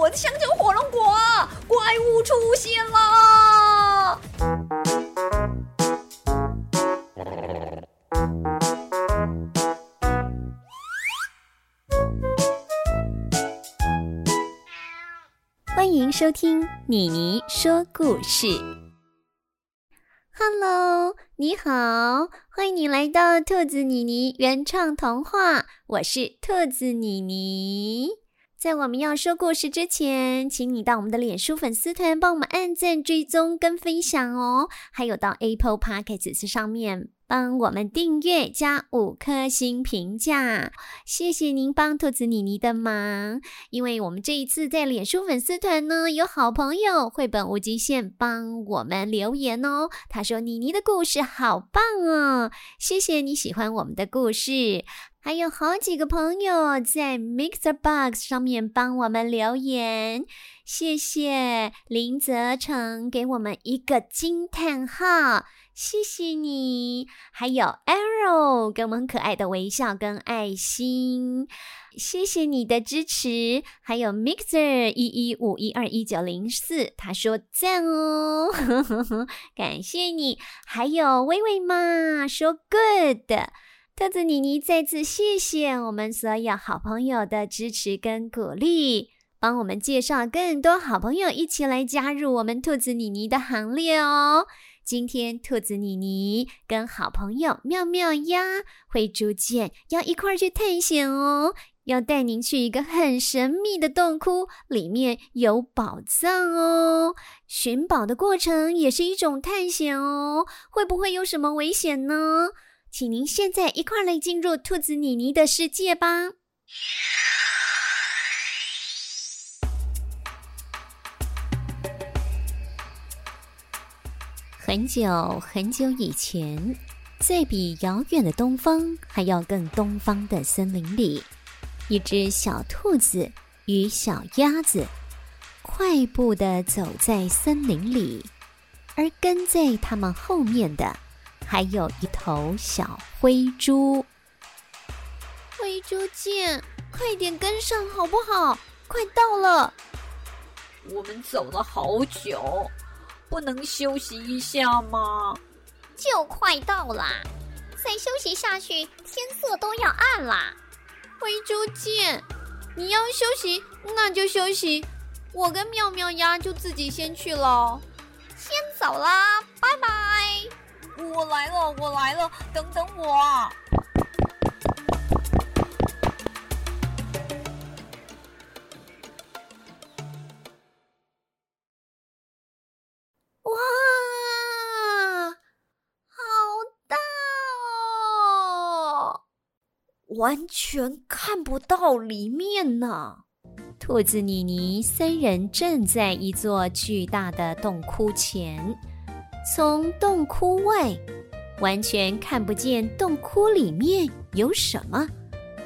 我的香蕉、火龍果啊，怪物出現啦！歡迎收聽妮妮說故事。Hello，你好，歡迎你來到兔子妮妮原創童話。我是兔子妮妮。在我們要說故事之前，請你到我們的臉書粉絲團幫我們按讚、追蹤跟分享哦。還有到 Apple Podcasts 上面幫我們訂閱加五顆星評價，謝謝您幫兔子妮妮的忙。因為我們這一次在臉書粉絲團呢，有好朋友繪本無極限幫我們留言哦。他說妮妮的故事好棒哦，謝謝你喜歡我們的故事。還有好幾個朋友在 Mixer Box 上面幫我們留言，謝謝林澤成給我們一個驚嘆號，謝謝你。還有 Arrow 給我們可愛的微笑跟愛心，謝謝你的支持。還有 Mixer 一一五一二一九零四，他說讚哦，呵呵呵，感謝你。還有薇薇媽說 Good。兔子妮妮再次謝謝我們所有好朋友的支持跟鼓勵，幫我們介紹更多好朋友一起來加入我們兔子妮妮的行列哦。今天兔子妮妮跟好朋友妙妙鴨、會逐漸要一塊兒去探險哦，要帶您去一個很神秘的洞窟，裡面有寶藏哦。尋寶的過程也是一種探險哦，會不會有什麼危險呢？請您現在一塊兒來進入兔子妮妮的世界吧！很久很久以前，在比遙遠的東方還要更東方的森林裡，一隻小兔子與小鴨子快步地走在森林裡，而跟在他們後面的，還有一頭小灰豬，灰豬見，快點跟上好不好？快到了，我們走了好久，不能休息一下嗎？就快到啦，再休息下去，天色都要暗啦。灰豬見，你要休息，那就休息，我跟妙妙鴨就自己先去了，先走啦，拜拜。我來了，我來了，等等我啊！哇，好大哦，完全看不到裡面呢、啊。兔子妮妮三人正在一座巨大的洞窟前。從洞窟外，完全看不見洞窟裡面有什麼，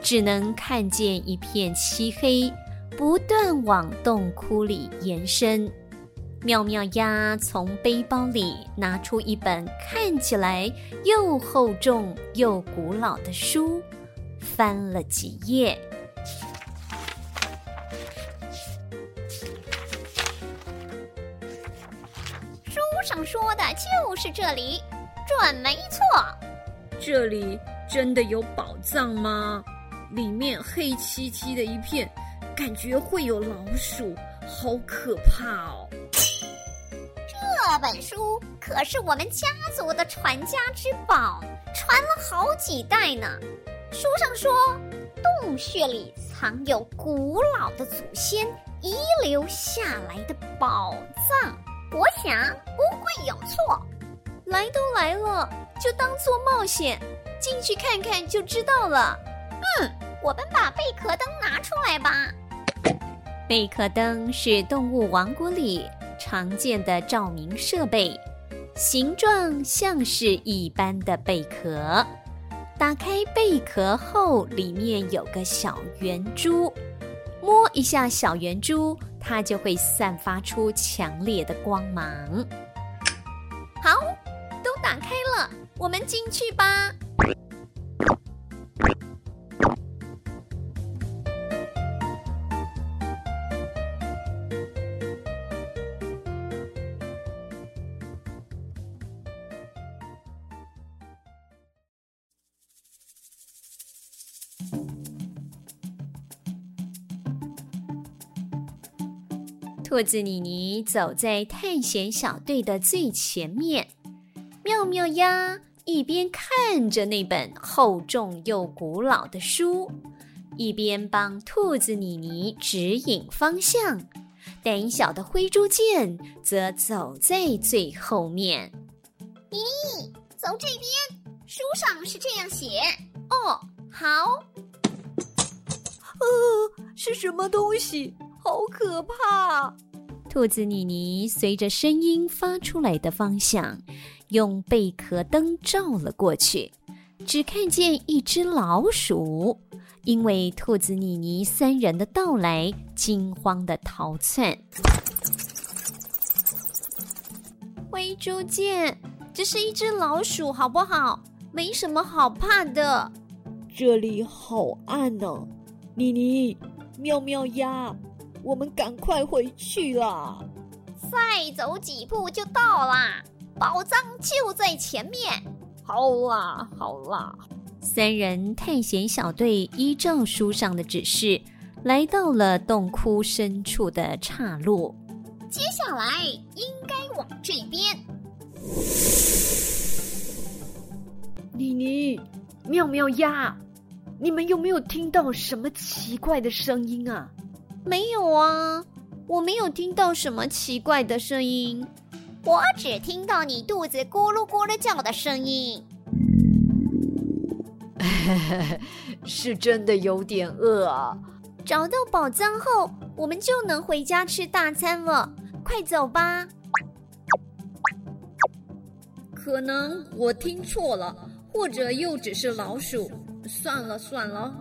只能看見一片漆黑，不斷往洞窟裡延伸。妙妙鴨從背包裡拿出一本看起來又厚重又古老的書，翻了幾頁。說的就是這裡，準沒錯。這裡真的有寶藏嗎？裡面黑漆漆的一片，感覺會有老鼠，好可怕哦！這本書可是我們家族的傳家之寶，傳了好幾代呢。書上說，洞穴裡藏有古老的祖先遺留下來的寶藏。我想不會有錯，來都來了，就當做冒險，進去看看就知道了。嗯，我們把貝殼燈拿出來吧。貝殼燈是動物王國裡常見的照明設備，形狀像是一般的貝殼。打開貝殼後，裡面有個小圓珠，摸一下小圓珠。它就會散發出強烈的光芒。好，都打開了，我們進去吧。兔子妮妮走在探險小隊的最前面，妙妙鴨一邊看着那本厚重又古老的書，一邊幫兔子妮妮指引方向。膽小的灰豬劍則走在最後面。咦、欸，走這邊，書上是這樣寫。哦，好。呃，是什麼東西？好可怕！兔子妮妮隨着聲音發出來的方向，用貝殼燈照了過去，只看見一隻老鼠，因為兔子妮妮三人的到來，驚慌的逃竄。喂，豬見，這是一隻老鼠，好不好？沒什麼好怕的。這裡好暗呢、啊，妮妮，喵喵呀！我們趕快回去啦！再走幾步就到啦，寶藏就在前面。好啦，好啦，三人探險小隊依照書上的指示，來到了洞窟深處的岔路。接下來應該往這邊。妮妮、妙妙鴨，你們有沒有聽到什麼奇怪的聲音啊？沒有啊，我沒有聽到什麼奇怪的聲音，我只聽到你肚子咕嚕咕嚕叫的聲音。 是真的有點餓啊。找到寶藏後，我們就能回家吃大餐了。快走吧。可能我聽錯了，或者又只是老鼠。算了算了。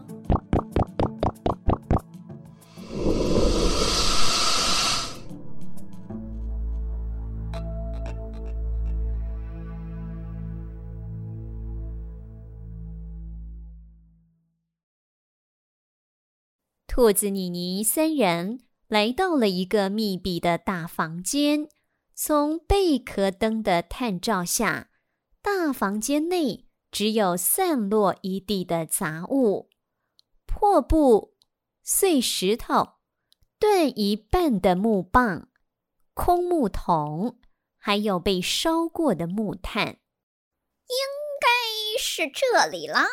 兔子妮妮三人來到了一個密閉的大房間。從貝殼燈的探照下，大房間內只有散落一地的雜物、破布、碎石頭、斷一半的木棒、空木桶，還有被燒過的木炭。應該是這裡了。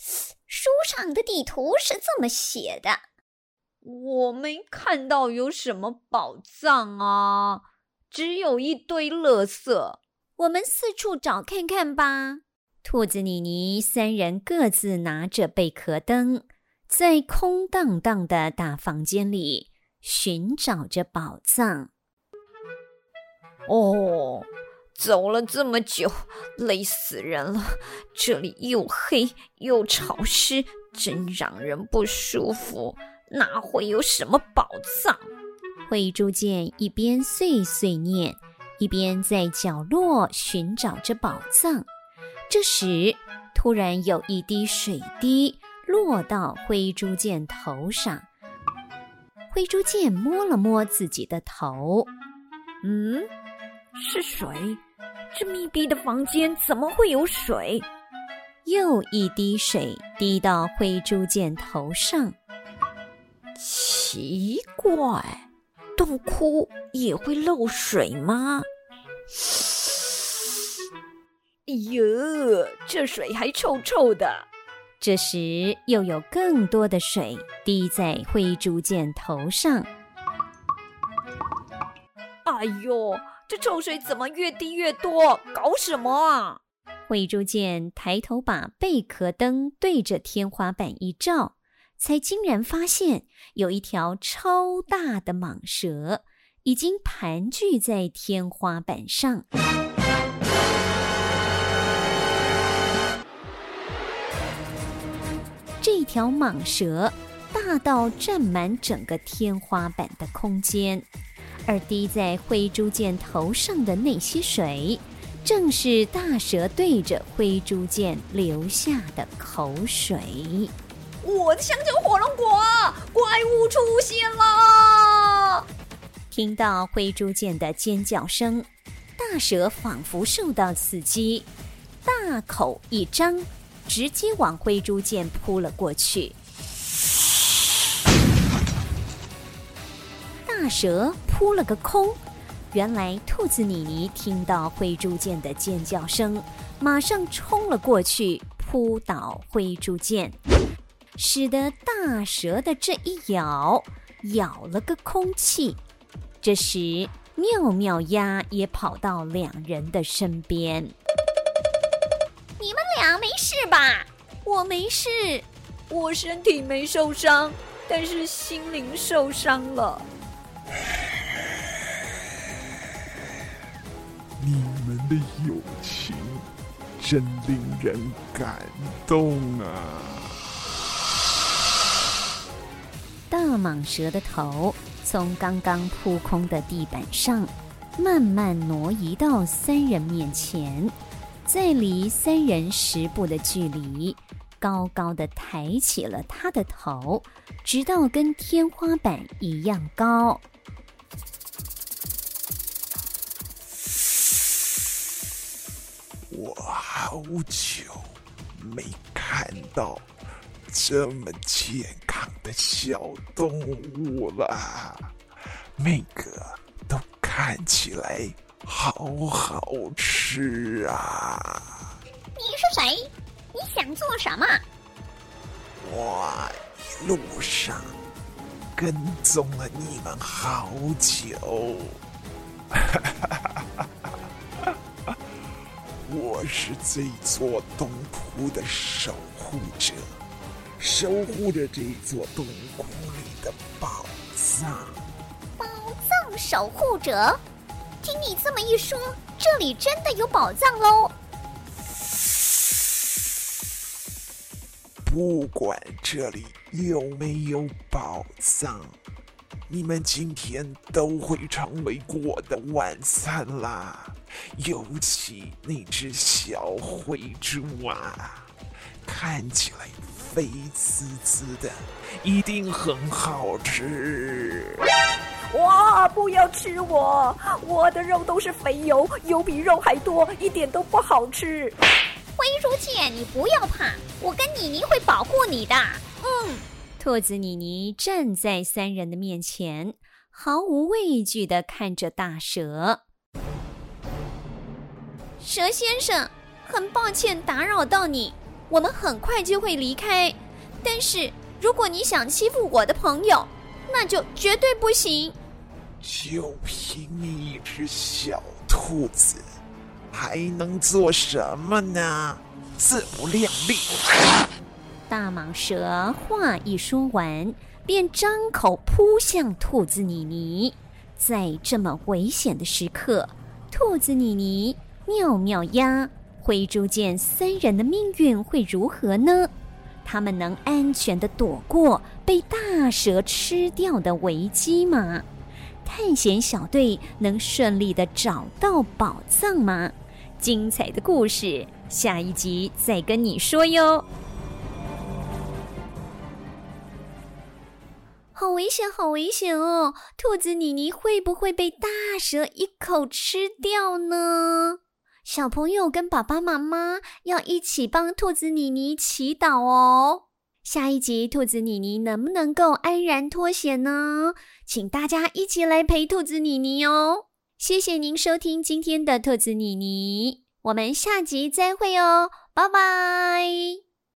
書上的地圖是這麼寫的。我沒看到有什麼寶藏啊，只有一堆垃圾。我們四處找看看吧。兔子妮妮三人各自拿着貝殼燈，在空蕩蕩的大房間裡尋找着寶藏。哦，走了這麼久，累死人了。這裡又黑又潮濕，真讓人不舒服。那會有什麼寶藏？灰豬劍一邊碎碎念，一邊在角落尋找着寶藏。這時，突然有一滴水滴落到灰豬劍頭上。灰豬劍摸了摸自己的頭，嗯，是水。這密閉的房間怎麼會有水？又一滴水滴到灰豬劍頭上。奇怪，洞窟也會漏水嗎？哎呦，這水還臭臭的！這時又有更多的水滴在灰豬劍頭上。哎呦，這臭水怎麼越滴越多？搞什麼啊？灰豬劍抬頭把貝殼燈對着天花板一照。才竟然發現，有一條超大的蟒蛇已經盤踞在天花板上。這條蟒蛇大到占滿整個天花板的空間，而滴在灰豬箭頭上的那些水，正是大蛇對着灰豬箭流下的口水。我的香蕉火龍果！怪物出現了！聽到灰豬劍的尖叫聲，大蛇仿佛受到刺激，大口一張，直接往灰豬劍撲了過去。大蛇撲了個空，原來兔子妮妮聽到灰豬劍的尖叫聲，馬上衝了過去，撲倒灰豬劍。使得大蛇的這一咬，咬了個空氣。這時，妙妙鴨也跑到兩人的身邊：“你們倆沒事吧？我沒事，我身體沒受傷，但是心靈受傷了。 你們的友情真令人感動啊！”蟒蛇的頭從剛剛撲空的地板上，慢慢挪移到三人面前，在離三人十步的距離，高高的抬起了他的頭，直到跟天花板一樣高。我好久沒看到這麼近。小動物了，每個都看起來好好吃啊！你是誰？你想做什麼？我一路上跟蹤了你們好久， 我是這座洞窟的守護者。守護着這座洞窟裡的寶藏，有有寶藏。寶藏守護者，聽你這麼一說，這裡真的有寶藏嘍！不管這裡有沒有寶藏，你們今天都會成為我的晚餐啦！尤其那隻小灰豬啊！看起來肥滋滋的，一定很好吃。哇！不要吃我，我的肉都是肥油，油比肉還多，一點都不好吃。灰如姐，你不要怕，我跟妮妮會保護你的。嗯。兔子妮妮站在三人的面前，毫無畏懼的看着大蛇。蛇先生，很抱歉打擾到你。我們很快就會離開，但是如果你想欺負我的朋友，那就絕對不行。就憑你一隻小兔子，還能做什麼呢？自不量力！ 大蟒蛇話一說完，便張口撲向兔子妮妮。在這麼危險的時刻，兔子妮妮妙妙呀。喵喵灰豬劍三人的命運會如何呢？他們能安全地躲過被大蛇吃掉的危機嗎？探險小隊能順利地找到寶藏嗎？精彩的故事，下一集再跟你說喲！好危險，好危險哦！兔子妮妮會不會被大蛇一口吃掉呢？小朋友跟爸爸媽媽要一起幫兔子妮妮祈禱哦。下一集兔子妮妮能不能夠安然脫險呢？請大家一起來陪兔子妮妮哦。謝謝您收聽今天的兔子妮妮，我們下集再會哦，拜拜。